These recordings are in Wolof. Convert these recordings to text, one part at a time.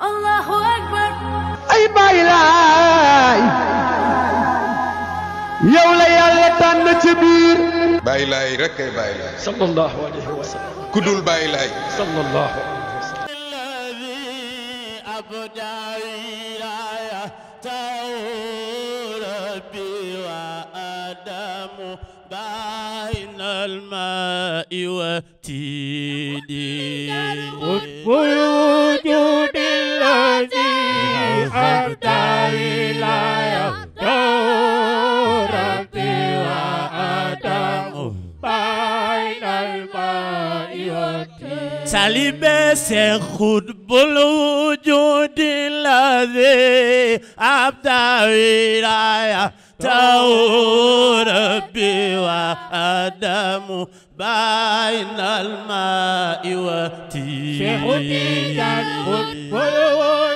Allahu akbar ay bàyyi laay yow la yàlla tànn ci biir bàyyi laay rekk ay bàyyi laay sallallahu alayhi wa sallam ku dul bàyyi laay sallallahu alayhi wa sallam alladhi abda ilaya tawrabi wa adamu bayna alma'i wa tidini سالي سخد بالوجود الذي أبدى ولاية ربي وأدم بين الماء والتين شيخ الدين بالوجود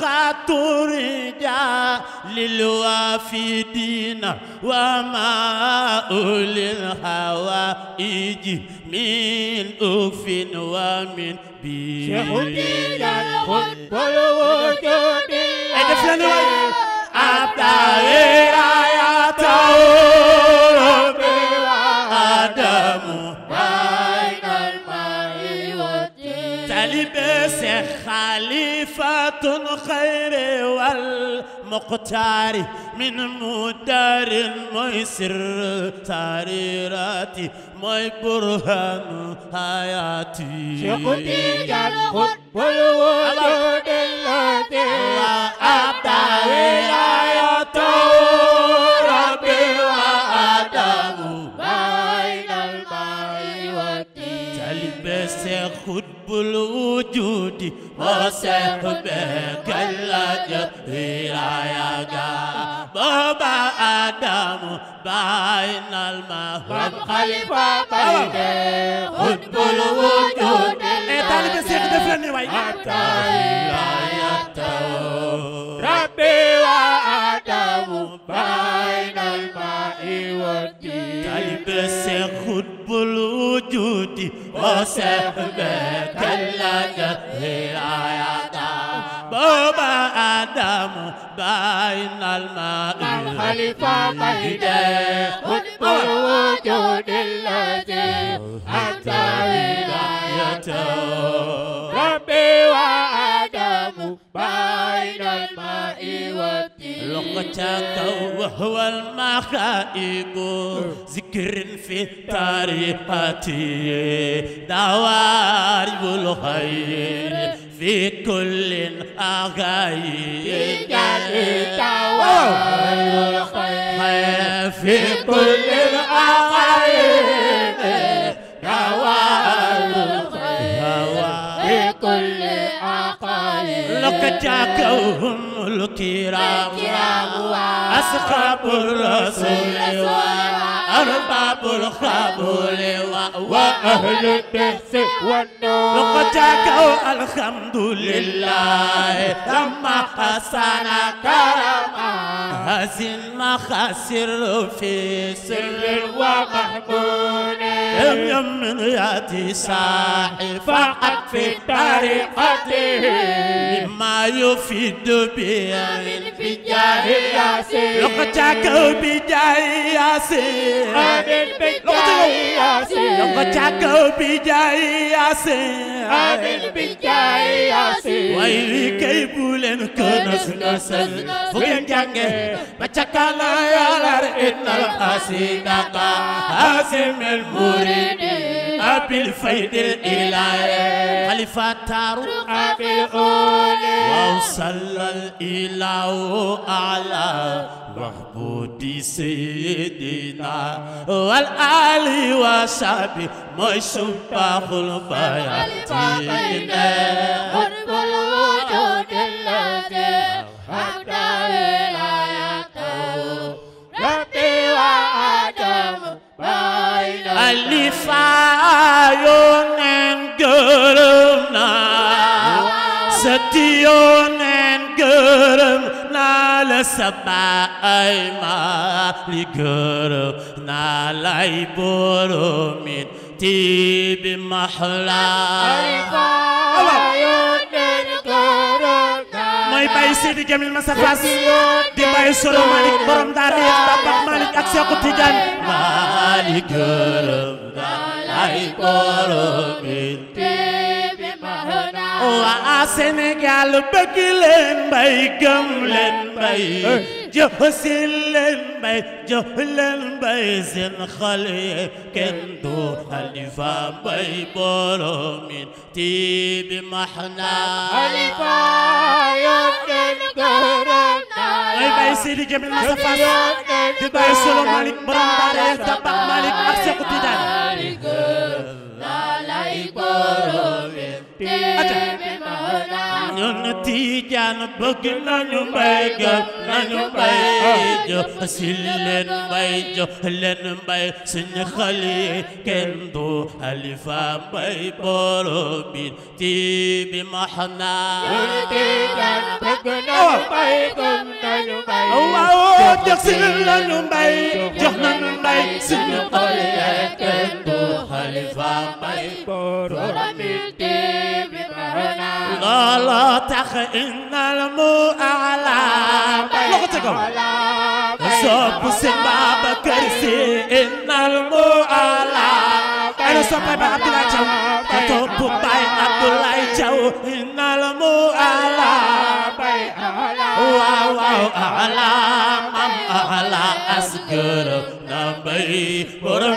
خاطر جاء للوافدين وما أولي الهوائج من أف ومن بيد شهدين الخطب الوجود آيات مقتاري من مدار ميسر سريراتي مي برهان حياتي شقتي الخط والوجود الذي أبدى ولايته حب الوجود وسحبك الأجر يا قاعد booba adamu baynal ma wal xalifa barke xutbul wujud e eh, talibe seex def leen ni waay hatta la yataw rabbi wa adamu baynal ma iwati talibe seex xutbul wujud wa oh, sahbe kallaga hi ayata بابا آدم بين الماء الخليفة مهدي قطب وجود الذي أتى ولايته ربي وآدم بين الماء والدين لغتك وهو المخائب ذكر في طريقتي دواري الخير في كل غير التوالي في كل الأقايد دوال في كل أقايد لك جاكهم الكرام أصحاب الرسول أرباب الخبول وأهل البحث والنور جاكوا الحمد لله لما حسن كرما هزن ما خسر في سر ومحمول لم يمن يدي ساحي فقد في طريقته يفيد بها بالجاه ياسين لقتك بجاه ياسين آمين بالجاه ياسين لقتك بجاه ياسين آمين بالجاه ياسين ويلي كيبولن كنس نسل فوقين جانجي بچكالا يا لار إن الحسيدة قاسم المريني أبي الفيد الإلهي خليفة أبي أولي وصلى الإله على وحبودي سيدنا والآل وصحبه مشبه البياتين خلف الوجود الذي sama ay ma li gërëm naa lay boromit ti bi maxla mooy bay Sidi Jamil Masafas di bay solo Malick borom daara yi Papa Malick ak Seexu Tijaan maa li gërëm naa lay boromit واسن قلبك لين بيقم لين بي جهسن لين بي جهلن بي زن خلي كندو خليفة بي برو من تيب محنا خليفة يمكن قرنا بي سيدي جميل مصطفى دبي سلو مالك برندار يتبق مالك أفسي قتدان لا ñun tiijaan bëgg nañu mbay ga nañu mbay jo si leen mbay jo leen mbay suñu xali kenn du alifa mbay borom bi tiibi maxna ñun tiijaan bëgg nañu mbay ga nañu mbay waaw jox si nañu mbay jox nañu mbay suñu xali kenn du alifa mbay borom bi tiibi looloo tax innal mu ala loxo ca kaw sopp seen Babacar Si innal mu ala ana sopp ba Abdoulaye Thiaw bay Abdoulaye Thiaw innal mu ala waaw waaw ala mam ala asgër na bay borom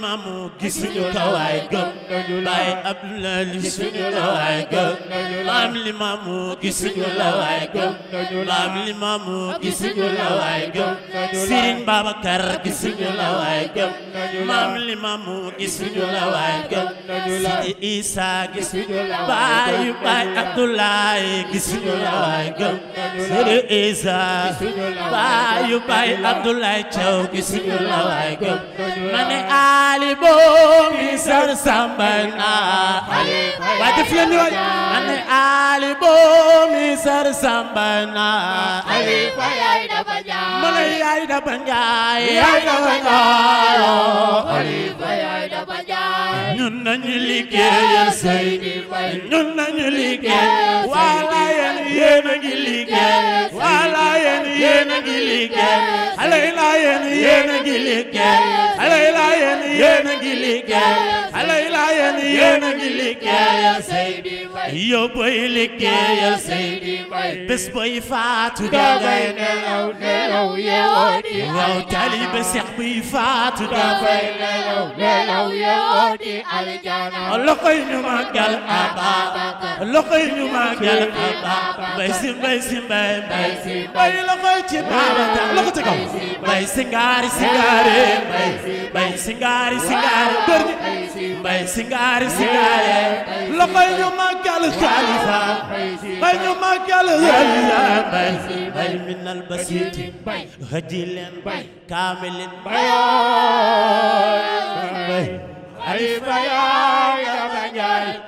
maamu gis ñu la waay gëm nañu la waay Abdoulaye gis ñu la waay gëm nañu la maam li maamu gis ñu la waay gëm nañu la maam li maamu gis ñu la waay gëm Serigne Babacar gis ñu la waay gëm maam li maamu gis ñu la waay gëm Sidi Issa gis ñu la waay gëm Baay Baay Abdoulaye gis ñu la waay gëm Sidi Issa Baay Baay Abdoulaye Thiaw gis ñu la waay gëm ma ne taaliboo mi sar sambal naa ah. waay def leen ni waay ane ali boomi sar samba na ali fa yaay dafa njaay mala yaay dafa njaay yaay dafa njaay ali fa yaay dafa njaay ñun nañu liggéeyal Seydi Fay ñun nañu liggéeyal wala yéen yéen a ngi liggéey wala yéen yéen a ngi liggéey alay la yéen yéen a ngi liggéey alay la yéen yéen a ngi liggéey alay la yéen yéen a ngi liggéey liggéeyal Seydi Mbay yow booy liggéeyal Seydi Mbay bés booy faatu dangay nelaw nelaw yeewoo di waaw taalibe Seex buy faatu dangay nelaw nelaw yeewoo di aljana loxoy ñu màggal Abaaba loxoy ñu màggal Abaaba mbay si mbay si mbay mbay si mbay loxoy ci baaba loxo ci kaw mbay si ngaari si ngaari mbay si ngaari si ngaari mbay si ngaari si ngaari لقينا مكة الخليفة لقينا مكة الخليفة بل من البسيط هديل كامل خليفة يا يا بنجاي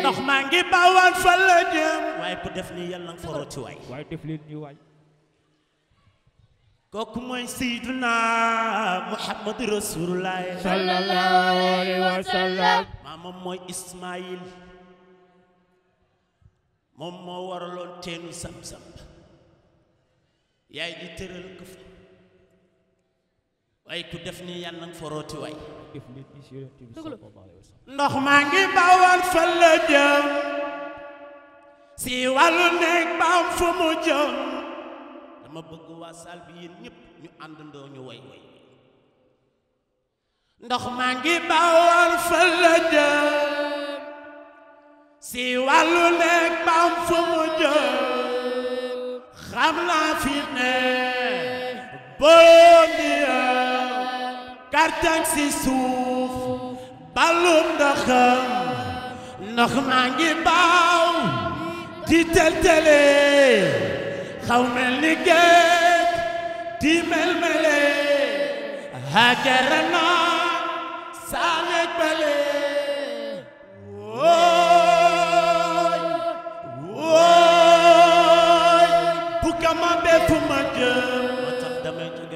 ndox maa ngi bawaan fa la jëm waaye ku def ni yàlla nga forooti waay waaye def leen ñu waay kooku mooy Seydina Muhammad Rasulullah sallallahu alayhi wa sallam maamam mooy Ismaïl moom moo waraloon teenu sam-sam yaay di tëral ko fa waaye ku def nii yàlla nga ndox maa ngi bawal fa jëm si wàllu nekk baam fu mu jëm dama bëgg waa saal bi yéen ñëpp ñu àndandoo ñu way way ndox maa ngi bawal fa jëm si wàllu nekk baam fu mu jëm xam naa fi ne leer teg si suuf balu ndaxam baaw di tëltële xaw ni géej di melmele hajara naa saa nekk bale wooy bu kama bee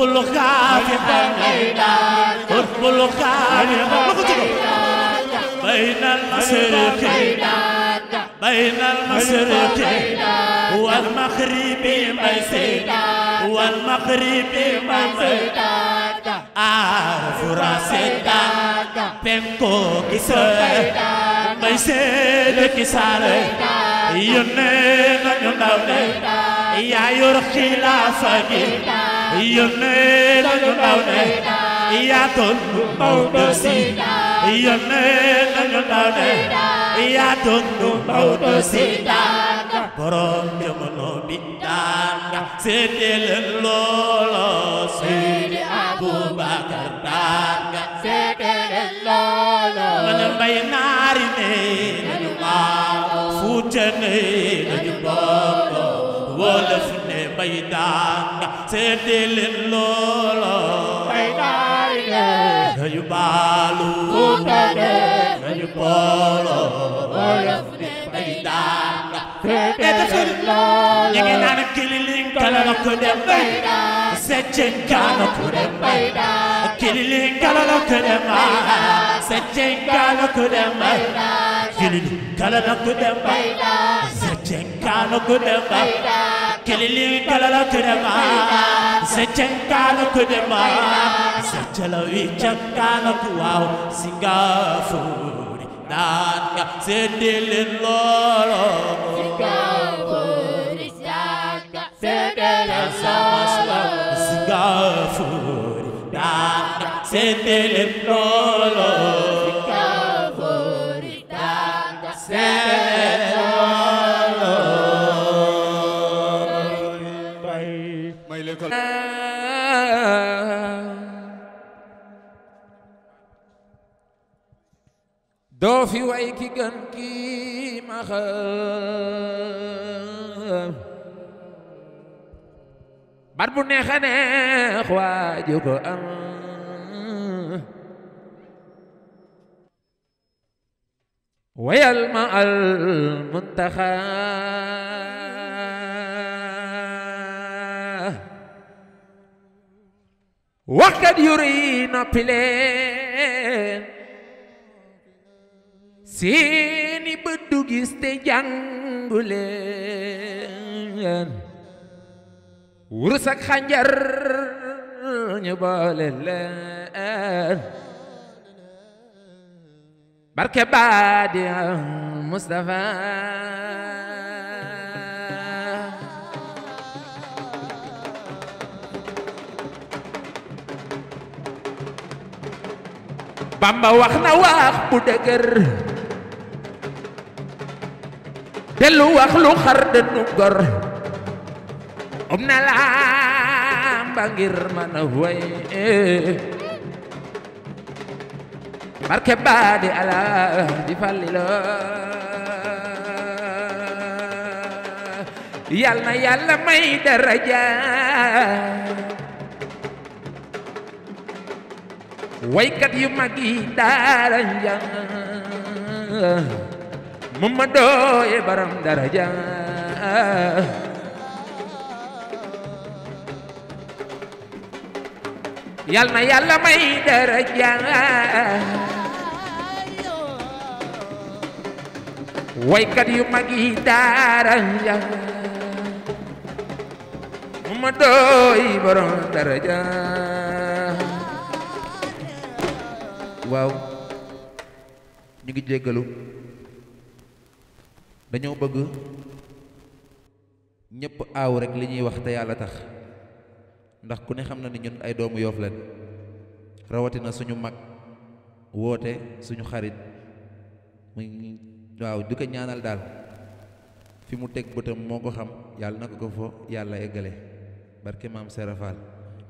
حب الخالق حب الخالق بين المشرق بين المشرق والمغرب ميسر والمغرب ميسر أعرف راسك بينكو كسر ميسر كسر يوني نجم دولي يا يرخي لا فقير yónnee nañu ndaw ne yaa doon Maodo si yónnee nañu ndaw ne yaa doon Maodo si daanga borom jamono bi daanga seede leen loolo Seydi Aboubacar daanga seede leen loolo man mbay naari ne nañu waaw fuute ne nañu bokk wolof bay daan seede leen loolo bay daan de nañu baalu kumba de nañu boolo wolof de bay daan seede leen loolo ñi ngi naan kililin kalala ko dem bay daan seccen kaala ko dem bay daan kililin kalala ko dem bay daan seccen kaala ko dem bay daan kililin kalala ko dem bay daan seccen kaala ko dem bay daan కెలిలికలకుడమా సచంకాలకుడమా సచలవి చంకాలకు wow Singapore దాన్గా సెడ్డిలి లోలో Singapore దాన్గా సెడ్డిలి Singapore దాన్గా సెడ్డిలి లోలో دوفي في وعيك كان كي ما خاف بربو أم ويا الماء المنتخب waxkat yuri noppi leen seeni bët du gis te jàngu leen wurus ñu boole leen barke baadi Mustafa pambawahna wah budager deluwah luhar denugar umnalam bangir manahwai di ala difallilah yalla yalla may daraja waikat yu magi yi jang ja mama dooye baram yalna yal na yàlla may daraja yu magi yi jang ja mama dooye baram waaw ñu ngi jéggalu dañoo bëgg ñëpp aaw rek li ñuy wax te yàlla tax ndax ku ne xam na ni ñun ay doomu yoof leen rawatina suñu mag woote suñu xarit mu waaw du ko ñaanal daal fi mu teg bëtam moo ko xam yàlla na ko ko fo yàlla eggale barke maam Serafal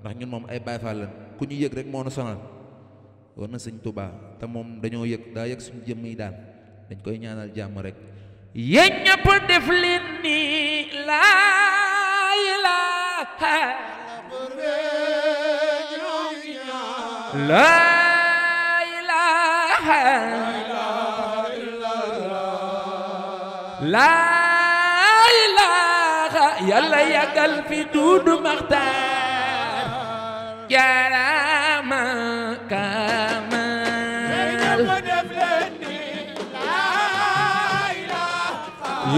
ndax ñun moom ay Baay Faal lañ ku ñu yëg rek moo nu sonal war na sëñ tubaa te moom dañoo yëg daa yëg daal dañ koy ñaan jàmm rek yéen ñëpp def leen laa ilaaha laa ilaaha laa fi duudu maxtaar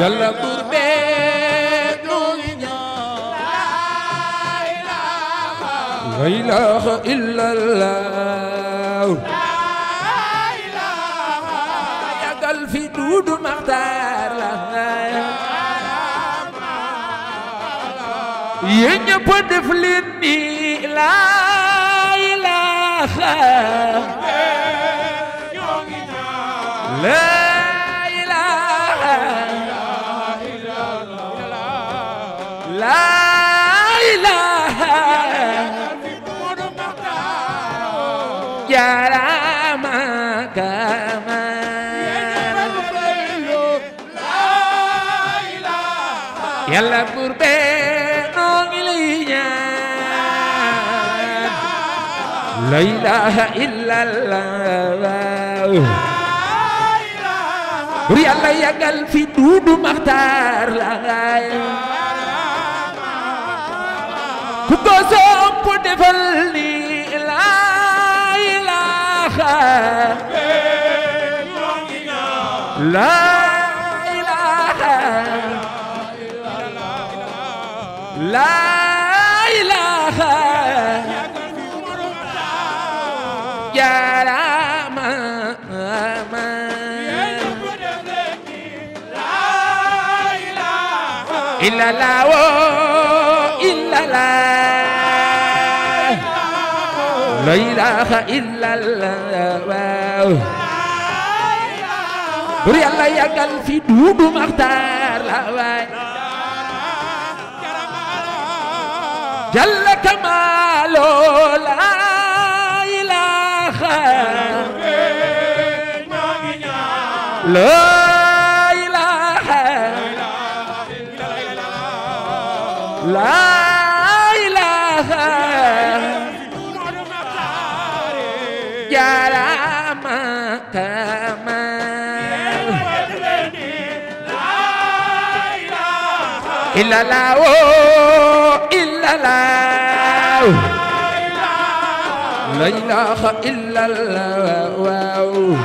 yàlla buur bee nu ngi ñaan la ilaha illallah yàggal fi duudu maxtaar la yéen ñëpp def leen ni la ilaha yàlla buur bee noo ngi lay ñaan la ilaha illallah bur yàlla yàggal fi duudu maxtaar laay ku ko sopp defal ni la ilaha la إلا لا إلا لا لا إله إلا الله بري الله يقل في دود مختار لا جل كماله لا إله لا إلا لا إلا لا لا إله إلا الله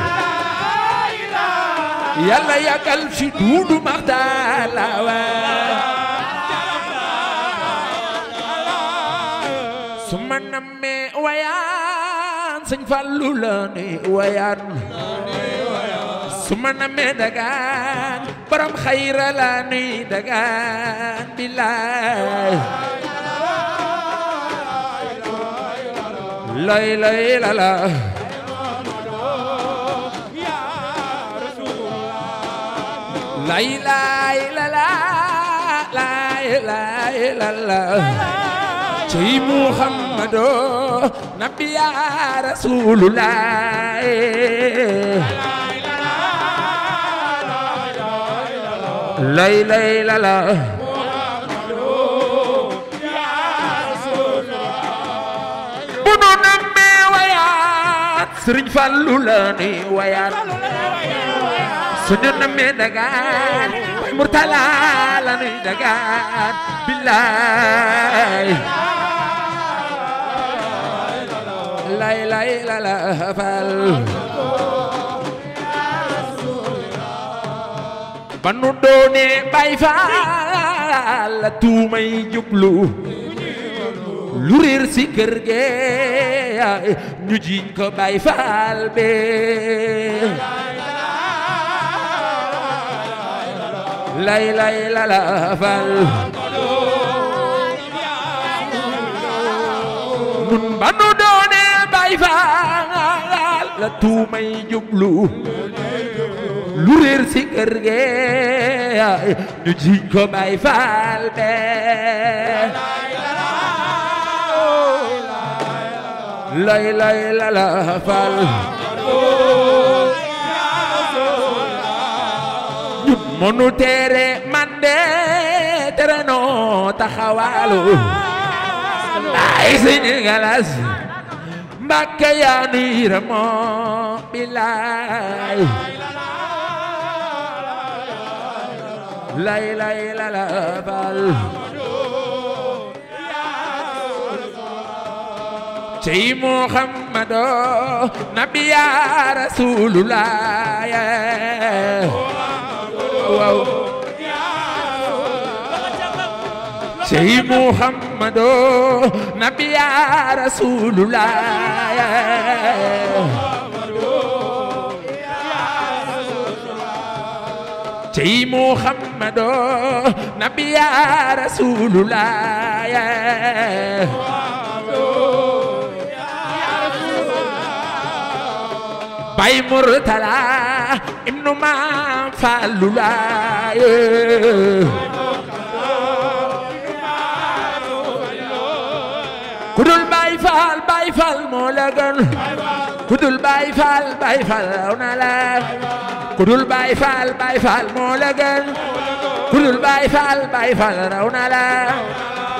يلا يا قلب شدود مغدالا لا نمي ويان سن فالولاني ويان ثم نمي دقان borom xayra la nuy dagaan billaay lay lay la la lay lay la la lay lay la la ci muhammadu nabiya rasulullah lay lay la la bu nu nammee wayaat Sëriñ Fallu la wayaat suñu nammee dagaan Murtala la ni billaay lay lay ba nu doonee bay faal la tuumay jublu lu réer si kër ñu jiñ ko bay faal be lay lay la faal nun ba nu doonee bay faal la tuumay jublu lu réer si kër ge ñu jiñ ko bay faal be lay lay la la faal ñu mënu tere man de tere noo taxawaalu ay galas Mbàkke yaa nu yërëmoo bilaay لا إله إلا لا بل شي محمد نبي يا رسول الله واو شي محمد نبي يا رسول الله تي محمد نبي يا رسول الله يا باي مرتلا ابن ما فالولا Baay Faal Baay Faal moo la gën ku dul Baay Faal Baay Faal raw na la ku dul Baay Faal Baay Faal moo la gën ku dul Baay Faal Baay Faal raw na la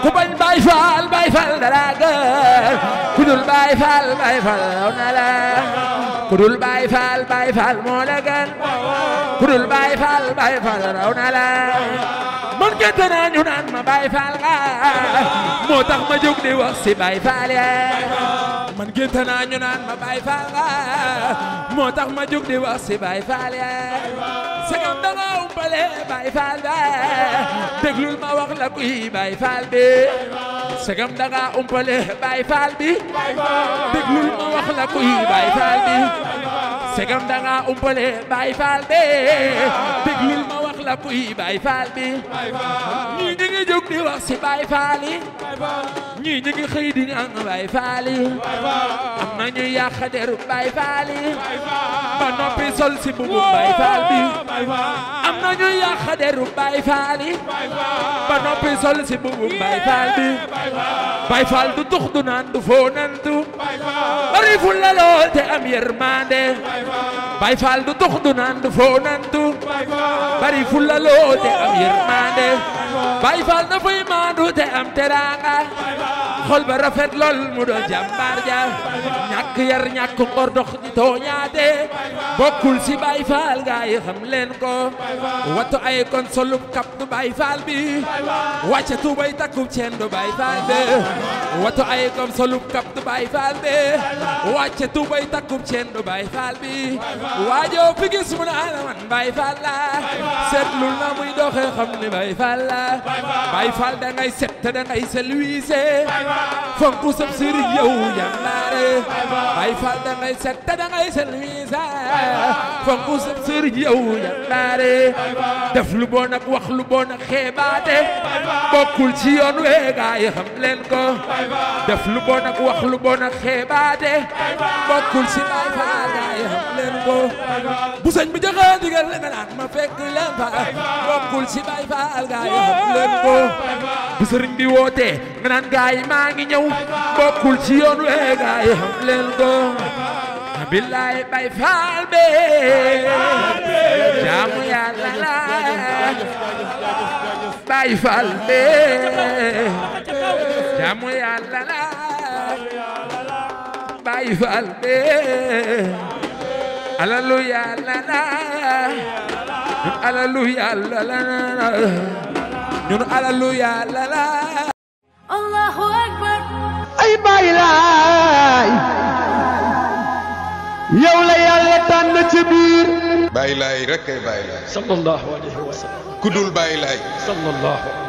ku bañ Baay Faal Baay Faal dala gën ku dul Baay Faal Baay Faal raw na la ku dul Baay Faal Baay Faal moo la gën ku dul Baay Faal Baay Faal raw na la man moo tax ma jóg di wax si Faal yaa man gerte naa ñu naan Faal tax ma jóg di segam da nga umpale Baay Faal ba segam da nga umpale Baay Faal bi la buy Baay Faal bi ñii ñi ngi jóg di wax si Baay Faal yi ñii ñi ngi xëy di ñaan Baay na ñu yàq deru Baay Faal yi ba noppi si mbubu Baay Faal bi am na ñu yàq deru Baay Faal du tux du naan foonantu bari fu la lool te am yërmande bay faal du tux du naan foo naan du bari fulla te am yërmande bay faal na fay maandu te am teraanga xool ba rafet lool mu doon jàmbaar ja ñàkk yar ñàkk ngor dox di tooñaate bokkul si Baay Faal gaa yi xam leen ko wattu ay kon solub kap du Baay Faal bi wàcce tubay takkub ceen du Baay Faal be wattu ay kon solub kap du Baay Faal be wàcce tubay takkub ceen du Baay Faal bi waajoo fi gis mu naa ah, la man Baay Faal la seetlul na muy doxe xam ni Baay Faal la Baay da ngay set da ngay selwiise fonku sab sëriñ yow jàmbaare Baay Faal da ngay set te da ngay sel wiisa fonku sab sëriñ yow jàmbaare def lu bon wax lu bon xeebaate bokkul ci yoon wee yi xam leen ko def lu bon wax lu bon xeebaate bokkul ci Baay Faal gaa xam leen ko bu sëñ bi joxe ndigal nga naan ma fekk leen fa bokkul ci Baay Faal gaay yi xam leen ko bu sëriñ bi wootee nga naan gaay yi maa ngi ñëw bokkul ci yoon wee gaay yi xam leen ko billaay Baay Faal be jaamu Yàlla la Baay Faal be jaamu Yàlla la Baay Faal be alalu Yàlla la ñun alalu yàlla la ñun alalu yàlla la allahu akbar ay baay laay yow la yàlla tànn ci biir baay laay rek ay baay laay sallallahu alayhi wa sallam ku dul baay laay sallallahu